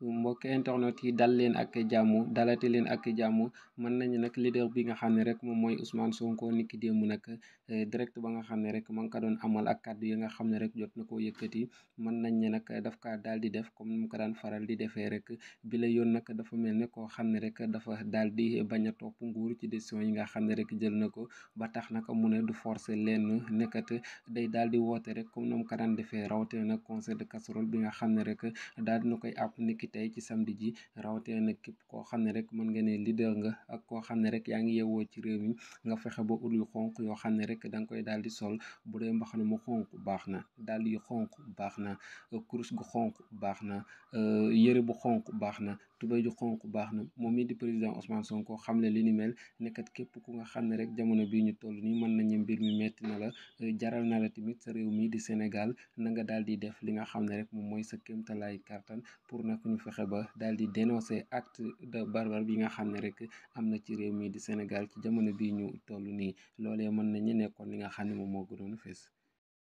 mbokk internet yi dal leen ak jàmm dalate leen ak jàmm mën nañu nag leader bi nga xam ne rek moom mooy Ousmane Sonko niki mu nag eh, direct ba nga xam ne rek ma ngi ko doon amal ak kàddu yi nga xam ne rek jot na koo yëkkati mën nañ ne nag daf kaa daal di def comme ni mu ko daan faral di defee rek bi la yoon nag dafa mel ne koo xam ne rek dafa daal di bañ a topp nguur ci décision yi nga xam ne rek jël na ko ba tax naka mu ne du forcer lenn nekkat day daal di woote rek comme ni mu ko daan defee rawatina nag concert de casserole bi nga xam ne rek ki tey ci samedi ji rawatee na képp koo xam ne rek mën nga ne leader nga ak koo xam ne rek yaa ngi yeewoo ci réew mi nga fexe ba ut yu xonq yoo xam ne rek danga koy daal di sol bu dee mbaxana mu xonq baax na dàll yu xonq baax na euh, kurus gu xonq baax na euh, yére bu xonq baax na tubéy ju xonq baax na moom mii di président Ousmane Sonko xam ne li ni mel nekkat képp ku nga xam ne rek jamono bii ñu toll nii mën nañu mbir mi metti na la euh, jaral na la tamit sa réew mii di Sénégal na nga daal di def li nga xam ne rek moom mooy sa kéemtalaay kàttan pour nag ñu fexe ba daal di dénoncer acte de barbare bi nga xam ne rek am na ci réew mii di Sénégal ci jamono bii ñu toll nii loolee mën nañu nekkoon li nga xam ne moom moo gënoon fees